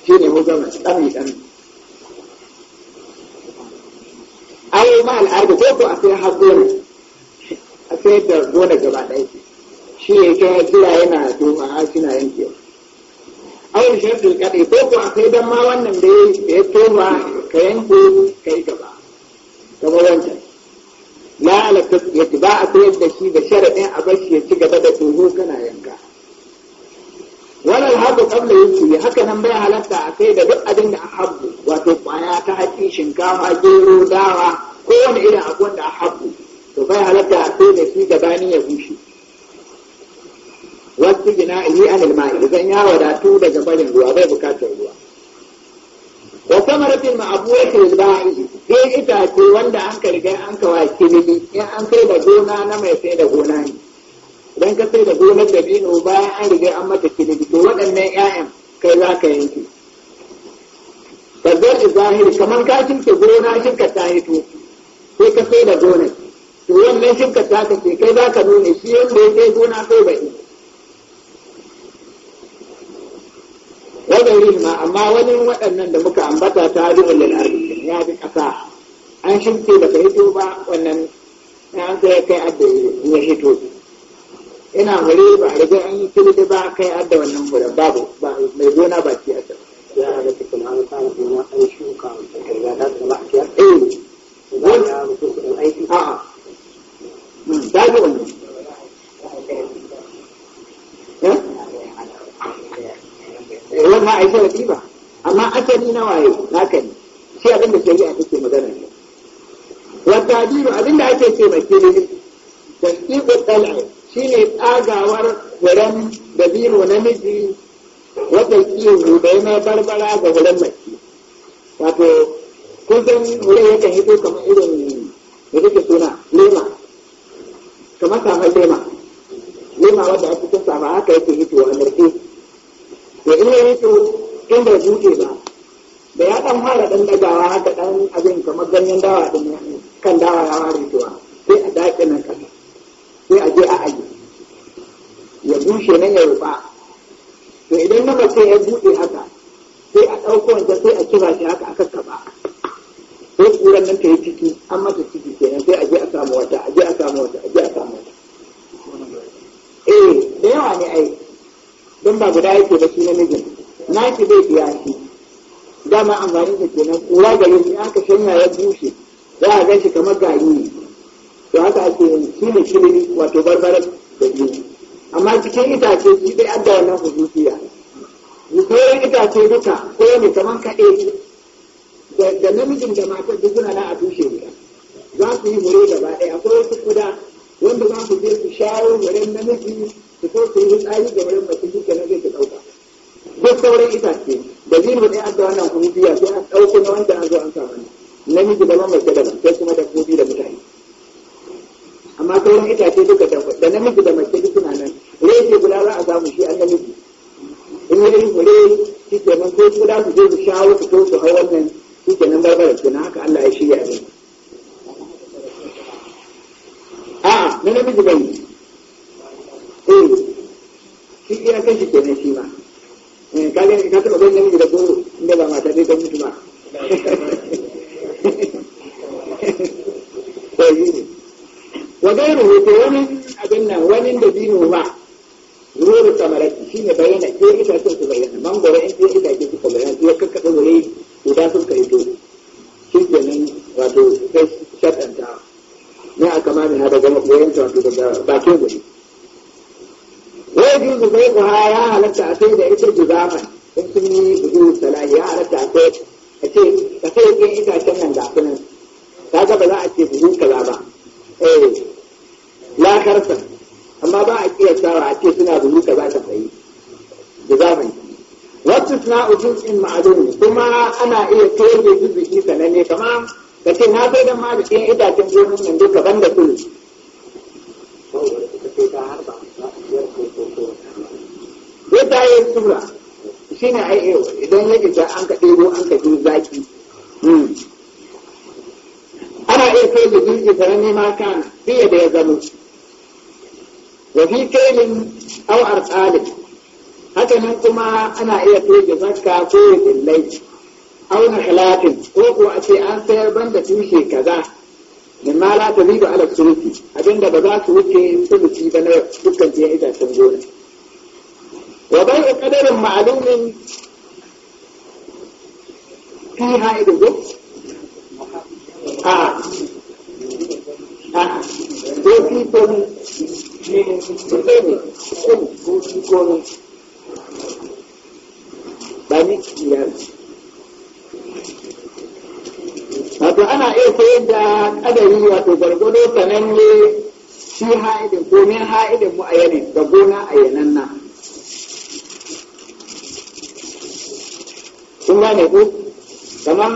shi ne wajen mace ɗan yi ɗan ai ma al'adu ko ko a sai har gona a sai da gona gaba ɗaya shi ne kai kira yana a har suna yankewa ai da shafi kaɗai ko ko a sai don ma wannan da ya toma ka yanko ka da shi da sharaɗin a bar shi ya ci gaba da tsoho kana yanka wannan habu kabla ya ce haka nan bai halatta a kai da duk abin da a habu wato kwaya ta haƙi shinkafa gero dawa kowane irin abin da a habu to bai halatta a kai da shi gabanin ya bushe wasu gina ihi anil ma'i idan ya wadatu daga barin ruwa bai bukatar ruwa wa samaratin ma'abuwa ke ba'i sai itace wanda an ka riga an ka wake in an kai da gona na mai sai da gona ne idan ka sai da gonar da bino bayan an riga an mata kilidi to waɗannan 'ya'yan kai za ka yanke da zahiri kamar ka shinka gona shinka ta hito sai ka sai da gonar to wannan shinka ta ka ce kai za ka nune shi wanda ya kai gona sai ba ita wadarin ma amma wani waɗannan da muka ambata ta rubin lalari ya bi ƙasa an shimfe da ka hito ba wannan ya kai kai adda ya hito ina hure ba a riga an yi da ba kai adda wannan hure babu ba mai gona ba ce adda ya ga cikin an samu gona an shuka ya da ta ba a kiyar eh wani aiki a'a ta hmm, ji wannan ma Aisha da ba amma asali na waye naka ne shi abin da shari'a take magana ne Wata biyu abin da ake ce mai makili da ibu tal'a shine tsagawar wurin dabino namiji wata kiyon rubai na barbara ga wurin mace wato kusan san wurin yakan hito kamar irin da take suna lema kamar samar lema lema wadda a cikin sama haka yake a narke da ina yi to inda bai buɗe ba da ya ɗan fara ɗan dagawa haka ɗan abin kamar ganyen dawa ɗin kan dawa ya fara tuwa sai a daƙi nan kan sai a je a aji ya bushe nan ya rufa to idan na sai ya buɗe haka sai a ɗauko wanda sai a kira shi haka a kaba sai ƙuran nan ta yi ciki an mata ciki kenan sai a je a samu wata a je a samu wata a je a samu wata eh da yawa ne ai don ba guda yake da shi namijin naki zai biya shi dama amfani da kenan kura gare ya aka shanya ya bushe za a gan shi kamar gari ne to haka ake shi ne wato barbara da biyu amma cikin itace shi dai adda wannan hususiya koyon itace duka ko ne kamar kaɗe da namijin da matar duk na a tushe ne. za su yi hure gaba ɗaya akwai wasu kuda wanda za su je su shawo garin namiji su ko su yi tsari ga garin mace shi na zai ta ɗauka duk sauran itace da zinu ne an da wannan kuma biya sai an ɗauko na wanda a zo an samu namiji da mace da mace kuma da kofi da mutane amma sauran itace duka da namiji da mace duk suna nan reshe guda za a samu shi an namiji in yi irin hure shi ke nan ko guda su je su shawo su ko su hau wannan shi kenan barbarar na haka Allah ya shirya ne a'a na namiji bai eh shi ya kai shi kenan shi ma eh, kaga ka taɓa bai namiji da goro inda ba mata dai ta mutu ma wa gairu hoto wani abin nan wani da dino ba zuru samarati shi ne bayyana ke ita sun su bayyana mangoro in ke ita ke suka bayyana ya kakkaɓe wuri guda sun kai to na daga magoyanta wato daga bakin gari wai juzu bai ku ha ya halatta a sai da ita juzama in kun yi bugu salahi ya halatta a sai a ce ka sai yin itacen nan da kunan ta ga ba za a ce bugu kaza ba eh la karsa amma ba a kiyastawa a ce suna bugu kaza ta sayi juzama wacce suna ujutsin ma'adun kuma ana iya kai kere juzuki sananne kamar ka ce na sai da ma da ɗin itacen gonan nan duka ban da kulu ta yi sura shi ne idan ya isa an ka ɗebo an ka zaki hmm. ana iya kai da jirgi sarani ma kan fiye da ya zamo wa fi kailin aw arsalin haka nan kuma ana iya kai da zakka ko ya dillai aw na halatin ko ko a ce an sayar banda tushe kaza min ma la tazidu ala abinda ba za su wuce suluki ba na dukkan jiyan itacen gona وبيع قدر معلوم فيها إذن آه آه في كوني في كوني bani kiyar wato ana iya koyar da kadari wato gwargwado sananne shi ha'idin ko min ha'idin mu a yanin da gona a yanan nan kun gane ko kamar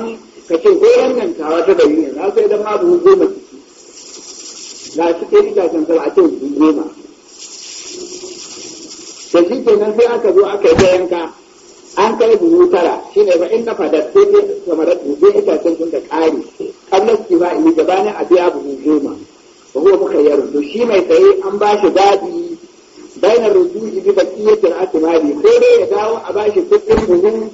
ka ce yan nan tawa ta gari ne na sai idan abu buhu goma ciki ga shi ke ita kan a ce buhu goma da shi kenan sai aka zo aka yi ta yanka an kai buhu tara shi ne ba in na fadar sai dai kamar buhu ita kan sun da ƙari kallon ki ba gaba ne a biya buhu goma ba ko muka yi rubu shi mai tsaye an ba shi daɗi bainar rubu ibi baƙiyyar asimari ko dai ya dawo a ba shi kuɗin buhu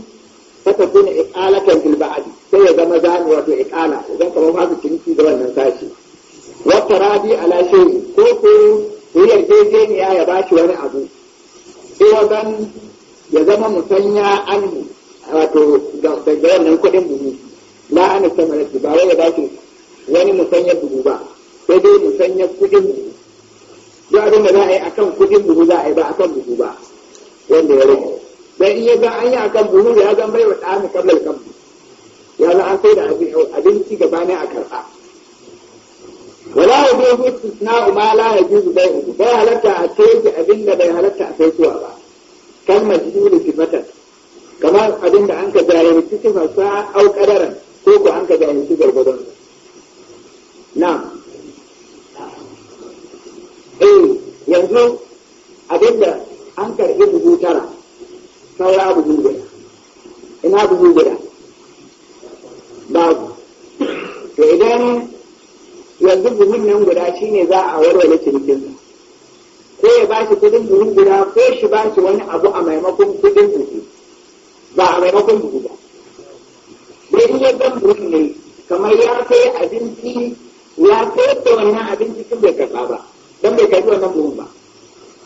fata kuna iqalatan fil ba'd sai ya zama zani wato iqala idan kamar ba su cinci da wannan sashi wa taradi ala shay'in ko ko jejeniya ya ba shi wani abu sai wajen ya zama musanya an wato daga wannan kuɗin buhu la an samarati ba wai ya ba shi wani musanya buhu ba sai dai musanya kuɗin buhu duk abin da za a yi akan kuɗin buhu za a yi ba akan buhu ba wanda ya rage dan iya ga an yi akan buhu ya zan bai wa dani kamar kamar ya za an sai da abinci gaba ne a karba. wala ya bai hutu na la ya ji bai hutu bai halatta a sai abin da bai halatta a sai ba kalmar jini sifatar kamar abin da an ka jahilci fasa au kadaran ko ko an ka jahilci gargadon na eh yanzu saura abu guda ina buhu guda babu to idan yanzu buhun nan guda shine za a warware cinikinsa ko ya ba shi kudin buhun guda ko shi ba shi wani abu a maimakon kudin buhu ba a maimakon buhu ba dai in ya gan buhun ne kamar ya kai abinci ya kai da wannan abinci tun bai karɓa ba don bai karɓi wannan buhun ba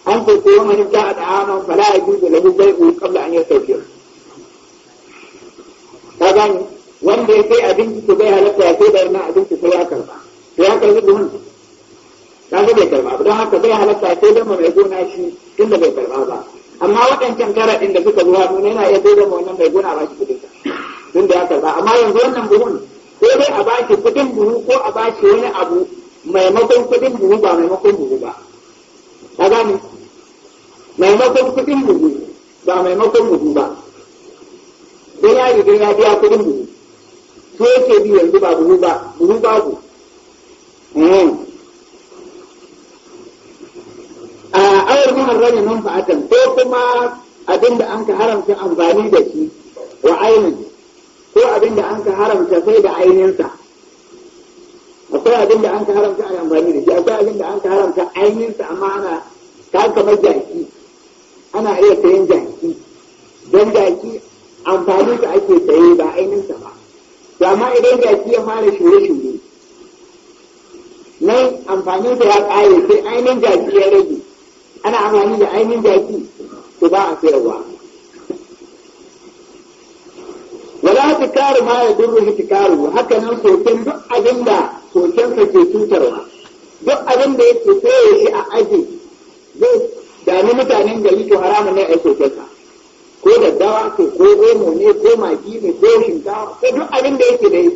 an ko ko man ibda ta'ama fala yajuzu lahu bai'u qabla an yastawfir ka gani wanda ya kai abinci to bai halatta ya sai bayar na abinci sai ya karba to ya karbi duhun ka ga bai karba don haka bai halatta sai da mai gona shi tunda bai karba ba amma waɗancan karaɗin da suka zuwa nuna yana iya sai wannan mai gona ba shi kudin tunda ya karba amma yanzu wannan buhun ko dai a bashi kudin buhu ko a bashi wani abu maimakon kudin buhu ba maimakon buhu ba. Ka gani maimakon kuɗin buhu ba maimakon buhu ba don ya riga ya biya kuɗin buhu to yake bi yanzu ba buhu ba buhu ku hmm. a awar muharrami nan fa'atan ko kuma abin da an ka haramta amfani da shi wa ainin ko abin da an ka haramta sai da ainihinsa akwai abin da an ka haramta a amfani da shi akwai abin da an ka haramta ainihinsa amma ana ka kamar jaki ana iya sayan jaki don jaki amfani da ake saye ba ainihinsa ba to amma idan jaki ya fara shirye-shirye nan amfani da ya ƙare sai ainihin jaki ya rage ana amfani da ainihin jaki to ba a sayarwa wala ta kare ma ya duru tikaru haka nan sokin duk abin da sokin ke cutarwa duk abin da ya sayar shi a aji zai dami mutanen gari to haramun ne a yi ko daddawa dawa ko omo ne ko magi ne ko shinkafa, ko duk abin da yake dai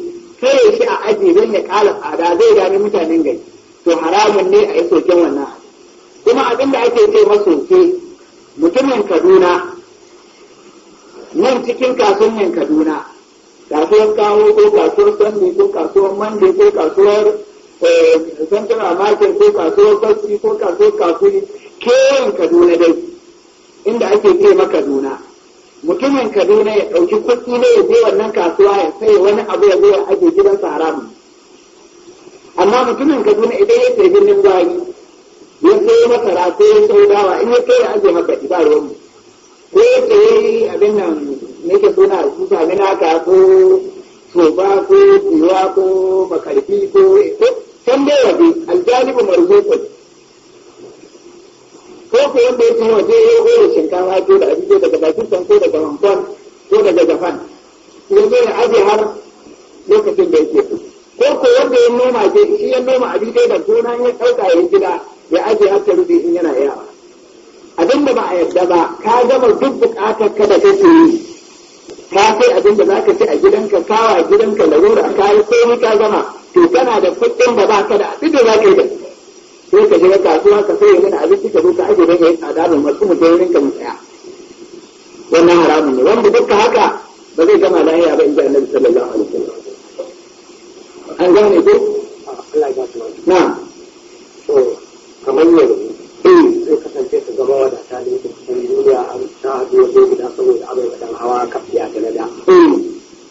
kare shi a aji don ya kala tsada zai dami mutanen gari to haramun ne a yi soken wannan kuma abin da ake ce ke mutumin kaduna nan cikin kasuwan kaduna kasuwar kawo ko kasuwar sandi ko kasuwar mande ko kasuwar eh, central market ko kasuwar basi ko kasuwar kakuri kewan kaduna dai inda ake ce maka duna mutumin kaduna ya ɗauki kuɗi ne ya je wannan kasuwa ya sai wani abu ya zo ya gidan gidansa haramun amma mutumin kaduna idan ya sai birnin gwari ya sai masara ko ya sai dawa in ya kai ya aje maka ba ruwan ko ya sai abin nan nake suna su sami naka ko soba ko ko makarfi ko can dai waje aljalibu marzuqun ko ko wanda ya kuma waje ya goro shinkafa ko da abin daga Pakistan ko daga Hong Kong ko daga Japan ya zo ya aje har lokacin da yake ko ko wanda ya noma ke shi ya noma abin da gona ya kauka ya gida ya aje har ta rufe in yana yawa abin da ba a yarda ba ka gama duk bukatar ka da kake yi ka kai abin da zaka ci a gidanka kawa gidanka larura ka yi komai ka gama to kana da kuɗin da baka da abin da zaka yi da sai ka shiga kasuwa ka sai mana abinci ka zo ka aje da yayin tsada mai masu mutum rinka mu tsaya wannan haramun ne wanda duka haka ba zai gama lahiya ba in ji annabi sallallahu alaihi wasallam an gane ko na to kamar yanzu eh zai kasance su zama ta ne da cikin duniya an ta haɗu wajen guda saboda abin da hawa kafiya da na da mutum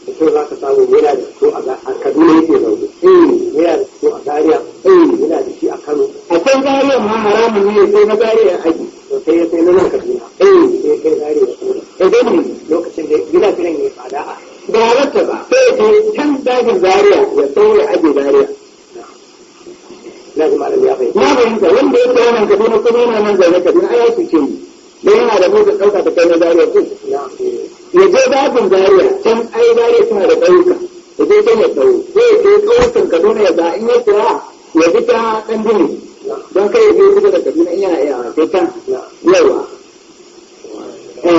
eh. za ka samu yana da su a kaduna yake zaune eh. yana da ko a zariya eh yana da shi a kano a can zariya ma haramun ne sai na zariya haji to sai ya sai na nan kaduna eh sai kai zariya ko da dai lokacin da yana kiran ya fada a ba halatta ba sai sai can dajin zariya ya sauya aje zariya lazima da ya fahimta na fahimta wanda ya kira nan kaduna kuma yana nan zaune kaduna ai ya cuce ni dan yana da motar ɗauka ta kai na zariya ko ya je dajin zariya can ai zariya suna da ɗauka ya je can ya tsawo ko ya je kawasan kaduna ya ga in ya kira ya bi ta ɗan gini don kai ya je da kaduna in yana iya hmm. sai yawa shi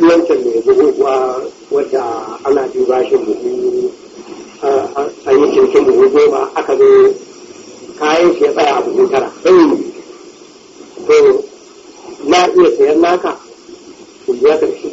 wancan da ya wadda ana duba shi buhu a yi cikin buhu goma aka zo kayan shi ya tsaya a buhu tara hmm. to na iya sayan naka in karshe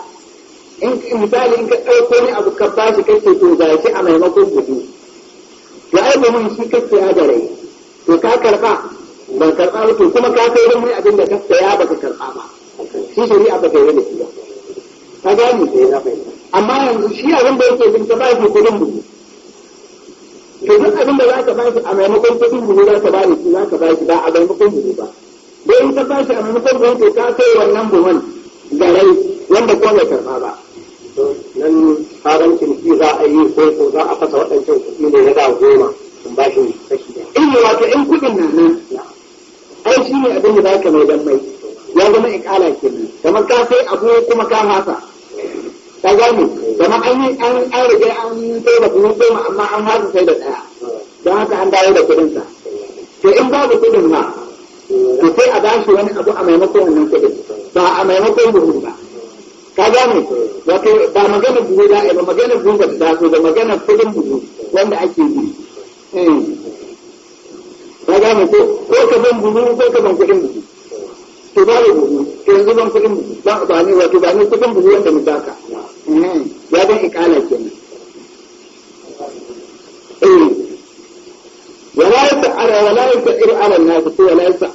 in misali in ka ɗauko ne abu ka shi kake to gashi a maimakon gudu ga ai mun shi kake ya da rai to ka karɓa, ba karɓa ba to kuma ka kai wani abin da ka saya ba ka karɓa ba shi shari'a ba kai da shi ba ka gani amma yanzu shi abin da yake bin ka ba shi kudin mu to duk abin da za ka shi a maimakon kudin gudu za ka ba shi za ka ba shi ba a maimakon gudu ba don in ka shi a maimakon gudu to ka kai wannan buwan garai wanda kuma bai karɓa ba nan haramcin shi za a yi ko ko za a fasa waɗancan kuɗi ne na da goma in ba shi kashi da in yi wato in kuɗin na nan ai shi ne abin da za ka mai dan mai ya zama ikala ke nan kamar ka sai abu kuma ka hasa ka gane kamar an yi an an rige an sai da kuma goma amma an hasa sai da ɗaya don haka an dawo da sa. to in babu kuɗin ma to sai a bashi wani abu a maimakon wannan kuɗin ba a maimakon buhu ba ka gane wato ba magana buhu da ba magana buhu ba ta da magana kudin buhu wanda ake yi eh. ka gane ko ko ka ban buhu ko ka ban kudin buhu to ba da buhu to yanzu ban kudin buhu ba ba ne wato ba ne kudin buhu wanda mu baka eh. ya ban ikala kenan eh wala ta ara, wala ta ir ala nas ko wala ta.